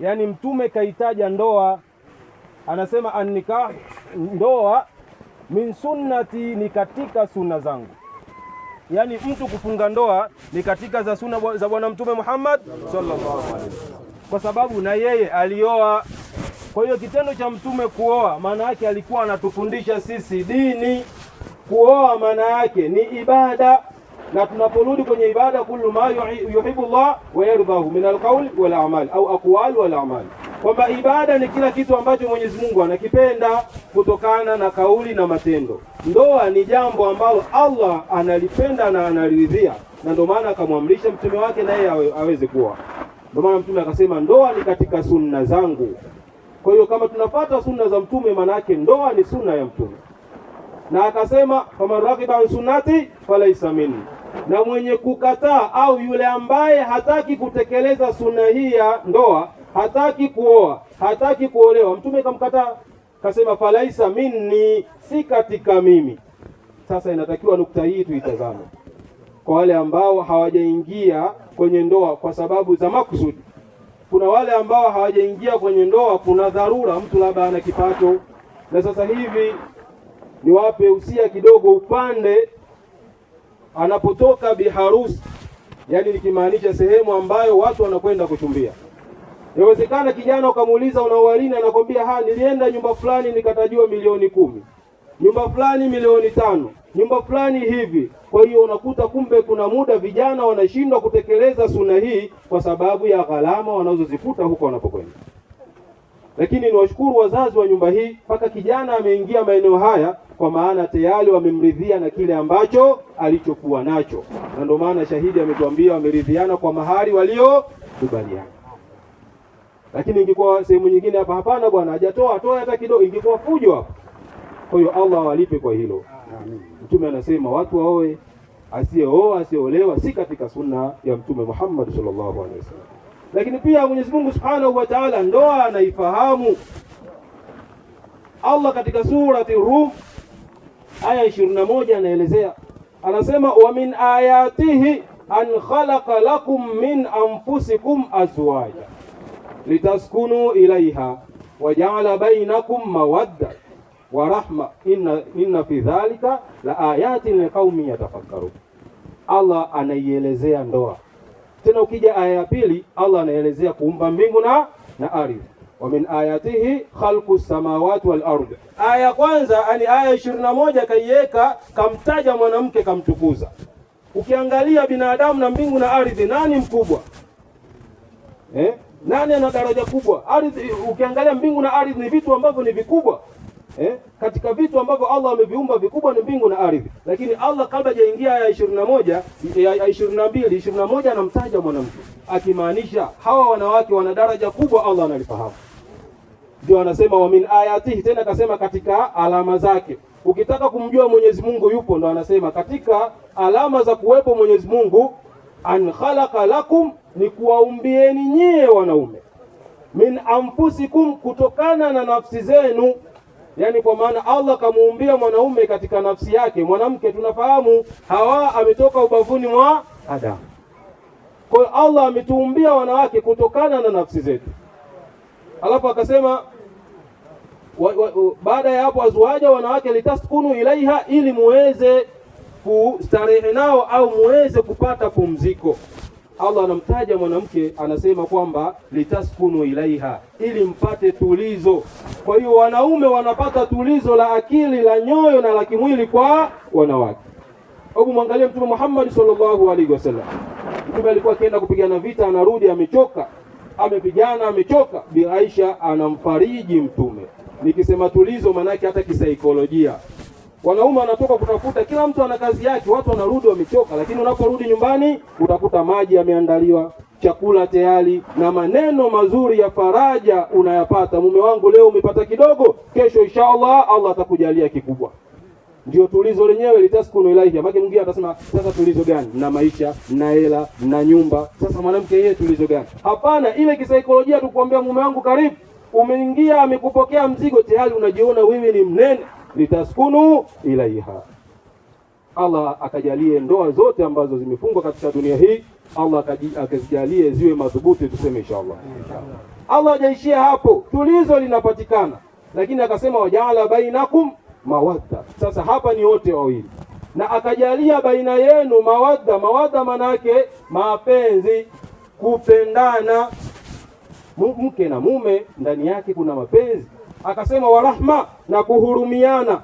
yani Mtume kaitaja ndoa, anasema annikah, ndoa min sunnati, ni katika sunna zangu. yani mtu kufunga ndoa ni katika za sunna za Bwana Mtume Muhammad sallallahu alaihi wasallam, kwa sababu na yeye alioa. Kwa hiyo kitendo cha Mtume kuoa maana yake alikuwa anatufundisha sisi dini. Kuoa maana yake ni ibada na tunaporudi kwenye ibada, kullu ma yuhibbu Allah wa yardahu min alqawl wal a'mal au aqwal wal a'mal, kwamba ibada ni kila kitu ambacho Mwenyezi Mungu anakipenda kutokana na kauli na matendo. Ndoa ni jambo ambalo Allah analipenda na analiridhia, na ndio maana akamwamrisha mtume wake na yeye aweze kuwa. Ndio maana mtume akasema ndoa ni katika sunna zangu. Kwa hiyo kama tunapata sunna za mtume, maana yake ndoa ni sunna ya mtume, na akasema faman raqiba an sunnati falaisa minni na mwenye kukataa au yule ambaye hataki kutekeleza suna hii ya ndoa, hataki kuoa, hataki kuolewa, Mtume kamkataa, kasema falaisa minni, si katika mimi. Sasa inatakiwa nukta hii tuitazame kwa wale ambao hawajaingia kwenye ndoa kwa sababu za makusudi. Kuna wale ambao hawajaingia kwenye ndoa, kuna dharura, mtu labda ana kipato, na sasa hivi niwape usia kidogo upande anapotoka biharusi, yani nikimaanisha sehemu ambayo watu wanakwenda kuchumbia. Yawezekana kijana ukamuuliza unaoa lini, anakwambia ha, nilienda nyumba fulani nikatajiwa milioni kumi, nyumba fulani milioni tano, nyumba fulani hivi. Kwa hiyo unakuta kumbe kuna muda vijana wanashindwa kutekeleza suna hii kwa sababu ya gharama wanazozikuta huko wanapokwenda. Lakini niwashukuru wazazi wa nyumba hii, mpaka kijana ameingia maeneo haya kwa maana tayari wamemridhia na kile ambacho alichokuwa nacho, na ndio maana shahidi ametuambia wameridhiana kwa mahari waliokubaliana. Lakini ingekuwa sehemu nyingine hapa, hapana bwana, hajatoa toa hata kidogo, ingekuwa fujo hapo. Kwa hiyo Allah walipe kwa hilo. Mtume anasema watu waoe, asiyeoa asiyeolewa si katika sunna ya Mtume Muhammad sallallahu alaihi wasallam. Lakini pia Mwenyezi Mungu Subhanahu wa Ta'ala ndoa anaifahamu Allah katika surati Rum aya ishirini na moja anaelezea anasema, wa min ayatihi an khalaqa lakum min anfusikum azwaja litaskunu ilaiha wa jaala bainakum mawadda wa rahma inna, inna fi dhalika la ayatin liqaumin yatafakkarun. Allah anaielezea ndoa tena. Ukija aya ya pili, Allah anaelezea kuumba mbingu na na ardhi wa min ayatihi khalqu samawati wal ardi. Aya ya kwanza ani aya ishirini na moja kaiweka kamtaja mwanamke kamtukuza. Ukiangalia binadamu na mbingu na ardhi, nani mkubwa eh? Nani ana daraja kubwa? Ardhi, ukiangalia mbingu na ardhi ni vitu ambavyo ni vikubwa eh? Katika vitu ambavyo Allah ameviumba vikubwa ni mbingu na ardhi, lakini Allah kabla hajaingia aya ishirini na moja ya ishirini na mbili ishirini na moja anamtaja mwanamke akimaanisha hawa wanawake wana daraja kubwa, Allah analifahamu ndio anasema wa min ayatihi, tena akasema katika alama zake. Ukitaka kumjua Mwenyezi Mungu yupo, ndo anasema katika alama za kuwepo Mwenyezi Mungu, an khalaqa lakum, ni kuwaumbieni nyie wanaume, min anfusikum, kutokana na nafsi zenu. Yani kwa maana Allah kamuumbia mwanaume katika nafsi yake. Mwanamke tunafahamu Hawa ametoka ubavuni mwa Adamu. Kwa hiyo Allah ametuumbia wanawake kutokana na nafsi zetu alafu akasema wa, wa, baada ya hapo azuaja wanawake litaskunu ilaiha, ili muweze kustarehe nao au muweze kupata pumziko. Allah anamtaja mwanamke anasema kwamba litaskunu ilaiha, ili mpate tulizo. Kwa hiyo wanaume wanapata tulizo la akili la nyoyo na la kimwili kwa wanawake. Hebu mwangalie Mtume Muhammad sallallahu alaihi wasallam, mtume alikuwa akienda kupigana vita, anarudi amechoka amepigana amechoka, Bi Aisha anamfariji Mtume. Nikisema tulizo, maanake hata kisaikolojia wanaume wanatoka kutafuta, kila mtu ana kazi yake, watu wanarudi wamechoka, lakini unaporudi nyumbani utakuta maji yameandaliwa, chakula tayari, na maneno mazuri ya faraja unayapata. Mume wangu, leo umepata kidogo, kesho inshallah Allah atakujalia kikubwa ndio tulizo lenyewe litaskunu ilaiha. Maana mwingine atasema sasa tulizo gani? Na maisha, na hela, na nyumba, sasa mwanamke yeye tulizo gani? Hapana, ile kisaikolojia tukwambia mume wangu karibu, umeingia amekupokea mzigo, tayari unajiona wewe ni mnene. Litaskunu ilaiha. Allah akajalie ndoa zote ambazo zimefungwa katika dunia hii, Allah akazijalie ziwe madhubuti, tuseme inshallah. Allah hajaishia hapo, tulizo linapatikana, lakini akasema wajaala bainakum mawadda. Sasa hapa ni wote wawili, na akajalia baina yenu mawadda. Mawadda maana yake mapenzi, kupendana. Mke na mume ndani yake kuna mapenzi. Akasema warahma, na kuhurumiana.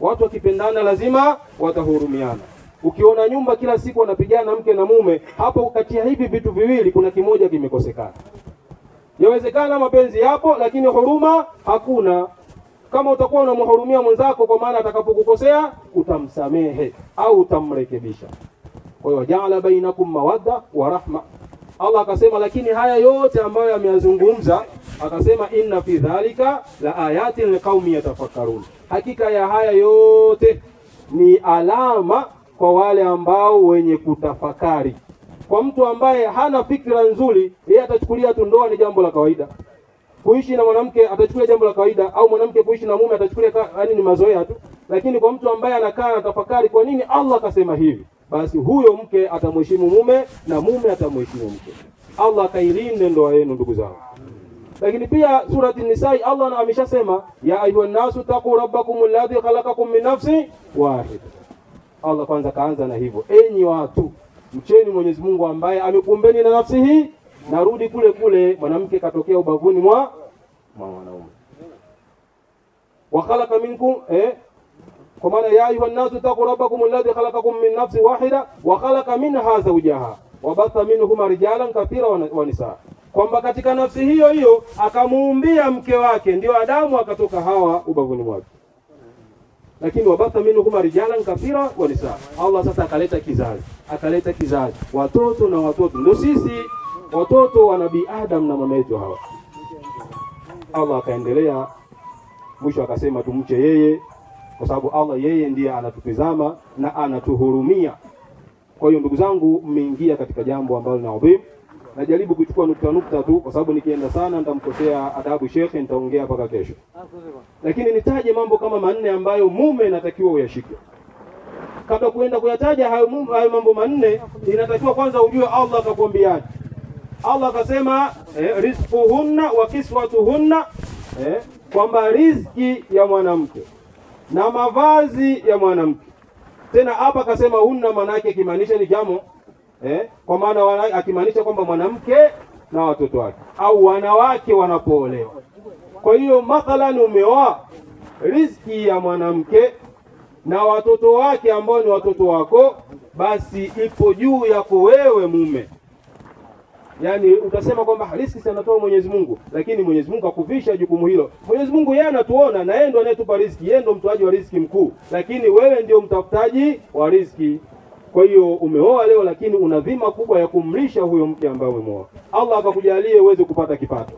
Watu wakipendana lazima watahurumiana. Ukiona nyumba kila siku wanapigana mke na mume, hapo kati ya hivi vitu viwili kuna kimoja kimekosekana. Yawezekana mapenzi yapo, lakini huruma hakuna kama utakuwa unamhurumia mwenzako, kwa maana atakapokukosea utamsamehe au utamrekebisha. Kwa hiyo jaala bainakum mawadda wa rahma. Allah akasema, lakini haya yote ambayo ameyazungumza akasema, inna fi dhalika la ayatin liqaumi yatafakkarun, hakika ya haya yote ni alama kwa wale ambao wenye kutafakari. Kwa mtu ambaye hana fikra nzuri, yeye atachukulia tu ndoa ni jambo la kawaida kuishi na mwanamke atachukulia jambo la kawaida, au mwanamke kuishi na mume atachukulia yaani ni mazoea tu. Lakini kwa mtu ambaye anakaa na tafakari, kwa nini Allah akasema hivi, basi huyo mke atamheshimu mume na mume atamheshimu mke. Allah akailinde ndoa yenu ndugu zangu. Lakini pia surati Nisai Allah ameshasema ya ayuha nasu taqu rabbakum alladhi khalaqakum min nafsi wahid. Allah kwanza kaanza na hivyo, enyi watu mcheni Mwenyezi Mungu ambaye amekuumbeni na nafsi hii. Narudi kule kule, mwanamke katokea ubavuni mwa kwa wanaume. Wa khalaqa minkum eh, kwa maana ya ayuha nnasu taqu rabbakum alladhi khalaqakum min nafsi wahida wa khalaqa minha zawjaha wa minhuma rijalan kathira wa nisaa, kwamba katika nafsi hiyo hiyo akamuumbia mke wake, ndio Adamu akatoka Hawa ubavuni mwake lakini wabatha minhuma rijalan kathira wa nisaa. Allah sasa akaleta kizazi, akaleta kizazi, watoto na watoto. Ndio sisi watoto wa Nabii Adam na mama yetu Hawa. Allah akaendelea mwisho akasema tumche yeye, kwa sababu Allah yeye ndiye anatutizama na anatuhurumia. Kwa hiyo ndugu zangu, mmeingia katika jambo ambalo na adhimu. Najaribu kuchukua nukta nukta tu, kwa sababu nikienda sana nitamkosea adabu shekhe, nitaongea mpaka kesho, lakini nitaje mambo kama manne ambayo mume inatakiwa uyashike. Kabla kuenda kuyataja hayo mambo manne, inatakiwa kwanza ujue Allah akakwambiaje Allah akasema eh, rizquhunna wa kiswatuhunna eh, kwamba riziki ya mwanamke na mavazi ya mwanamke. Tena hapa akasema hunna, maana yake kimaanisha ni jamo eh, kwa maana akimaanisha kwamba mwanamke na watoto wake au wanawake wanapoolewa. Kwa hiyo mathalan, umeoa riziki ya mwanamke na watoto wake ambao ni watoto wako, basi ipo juu yako wewe mume Yaani utasema kwamba riziki anatoa Mwenyezi Mungu, lakini Mwenyezi Mungu akuvisha jukumu hilo. Mwenyezi Mungu yeye anatuona na yeye ndo anayetupa riziki, yeye ndo mtoaji wa riziki mkuu, lakini wewe ndio mtafutaji wa riziki. Kwa hiyo umeoa leo, lakini una dhima kubwa ya kumlisha huyo mke ambaye umeoa. Allah akakujalie uweze kupata kipato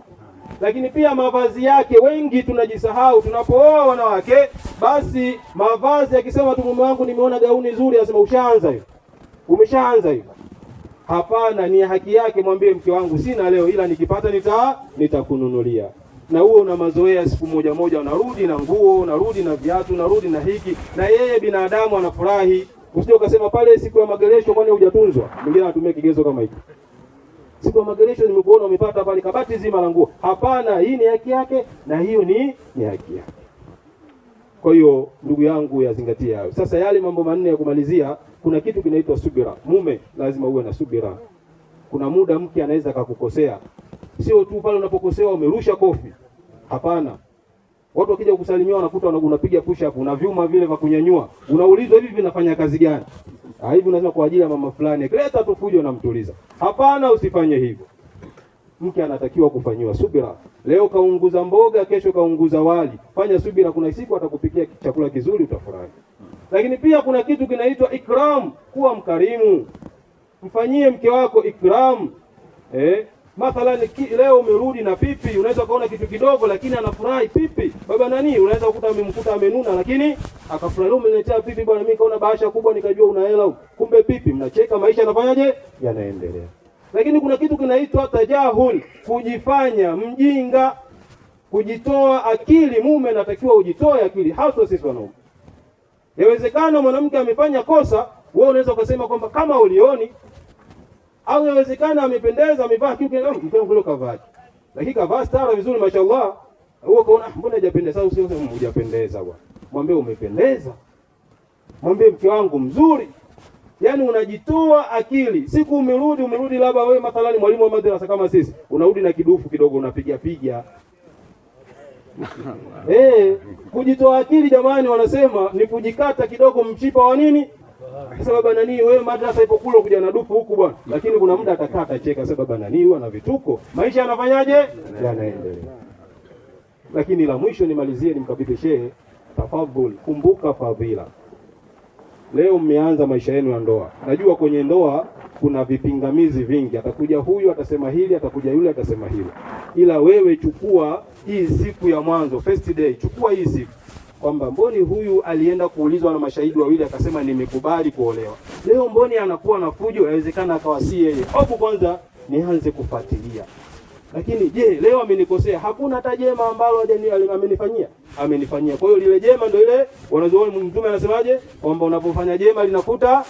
lakini pia mavazi yake. Wengi tunajisahau tunapooa wanawake, basi mavazi, akisema tu mume wangu nimeona gauni zuri, asema ushaanza hiyo, umeshaanza hiyo. Hapana, ni haki yake, mwambie mke wangu sina leo, ila nikipata nita nitakununulia. Na huo una mazoea, siku moja moja unarudi na nguo, unarudi na viatu, unarudi na hiki, na yeye binadamu anafurahi. Usije ukasema pale siku ya mageresho, kwani hujatunzwa? Mwingine anatumia kigezo kama hiki, siku ya mageresho nimekuona umepata pale kabati zima la nguo. Hapana, hii ni haki yake, na hiyo ni ni haki yake. Kwa hiyo ndugu yangu, yazingatie hayo. Sasa yale mambo manne ya kumalizia kuna kitu kinaitwa subira. Mume lazima uwe na subira. Kuna muda mke anaweza akakukosea, sio tu pale unapokosea umerusha kofi. Hapana, watu wakija kukusalimia wanakuta unapiga push up, una vyuma vile vya kunyanyua, unaulizwa hivi vinafanya kazi gani? Ah, hivi unasema kwa ajili ya mama fulani, leta tu fujo, unamtuliza. Hapana, usifanye hivyo. Mke anatakiwa kufanyiwa subira. Leo kaunguza mboga, kesho kaunguza wali. Fanya subira, kuna siku atakupikia chakula kizuri, utafurahi. Lakini pia kuna kitu kinaitwa ikram, kuwa mkarimu, mfanyie mke wako ikram eh. Mathalan leo umerudi na pipi, unaweza ukaona kitu kidogo, lakini anafurahi pipi. Baba nani, unaweza kukuta amemkuta amenuna, lakini akafurahi, umeniletea pipi bwana, mimi kaona bahasha kubwa, nikajua una hela, kumbe pipi. Mnacheka, maisha yanafanyaje? Yanaendelea. Lakini kuna kitu kinaitwa tajahul, kujifanya mjinga, kujitoa akili. Mume natakiwa ujitoe akili, hasa sisi wanaume Yawezekana mwanamke amefanya kosa, wewe unaweza ukasema kwamba kama ulioni, au yawezekana amependeza, amevaa kitu kile kama mtu kule kavaa, lakini kavaa stara vizuri, mashallah, wewe ukaona ah, mbona hajapendeza? Sasa usiseme hmm, hujapendeza bwana, mwambie umependeza, mwambie mke wangu mzuri. Yaani unajitoa akili, siku umerudi umerudi, labda wewe mathalani mwalimu wa madrasa kama sisi, unarudi na kidufu kidogo, unapiga piga Eh, kujitoa akili jamani, wanasema ni kujikata kidogo mchipa wa nini? sababu baba nini wewe, madrasa ipo kule, kuja na dupu huku bwana, lakini kuna muda atakaa cheka. sababu baba nini huyu ana vituko, maisha yanafanyaje? Yanaendelea. Lakini la mwisho nimalizie, nimkabidhi shehe tafadhali. Kumbuka fadhila. Leo mmeanza maisha yenu ya ndoa, najua kwenye ndoa kuna vipingamizi vingi, atakuja huyu atasema hili, atakuja yule atasema hili, ila wewe chukua hii siku ya mwanzo first day, chukua hii siku kwamba Mboni huyu alienda kuulizwa na mashahidi wawili akasema nimekubali kuolewa. Leo Mboni anakuwa na fujo, inawezekana akawa si yeye. Hebu kwanza nianze kufuatilia. Lakini je, leo amenikosea? Hakuna hata jema ambalo amenifanyia, amenifanyia. Kwa hiyo lile jema ndio ile wanazuoni, Mtume anasemaje? Kwamba unapofanya jema linakuta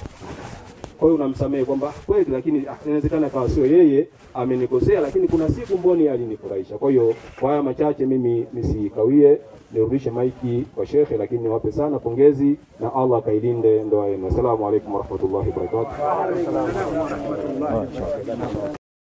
kwa hiyo unamsamehe kwamba kweli, lakini inawezekana kawa sio yeye amenikosea, lakini kuna siku mboni alinifurahisha. Kwa hiyo kwa haya machache, mimi nisikawie, nirudishe maiki kwa shekhe, lakini niwape sana pongezi na Allah kailinde ndoa yenu. Asalamu alaykum warahmatullahi wabarakatuh.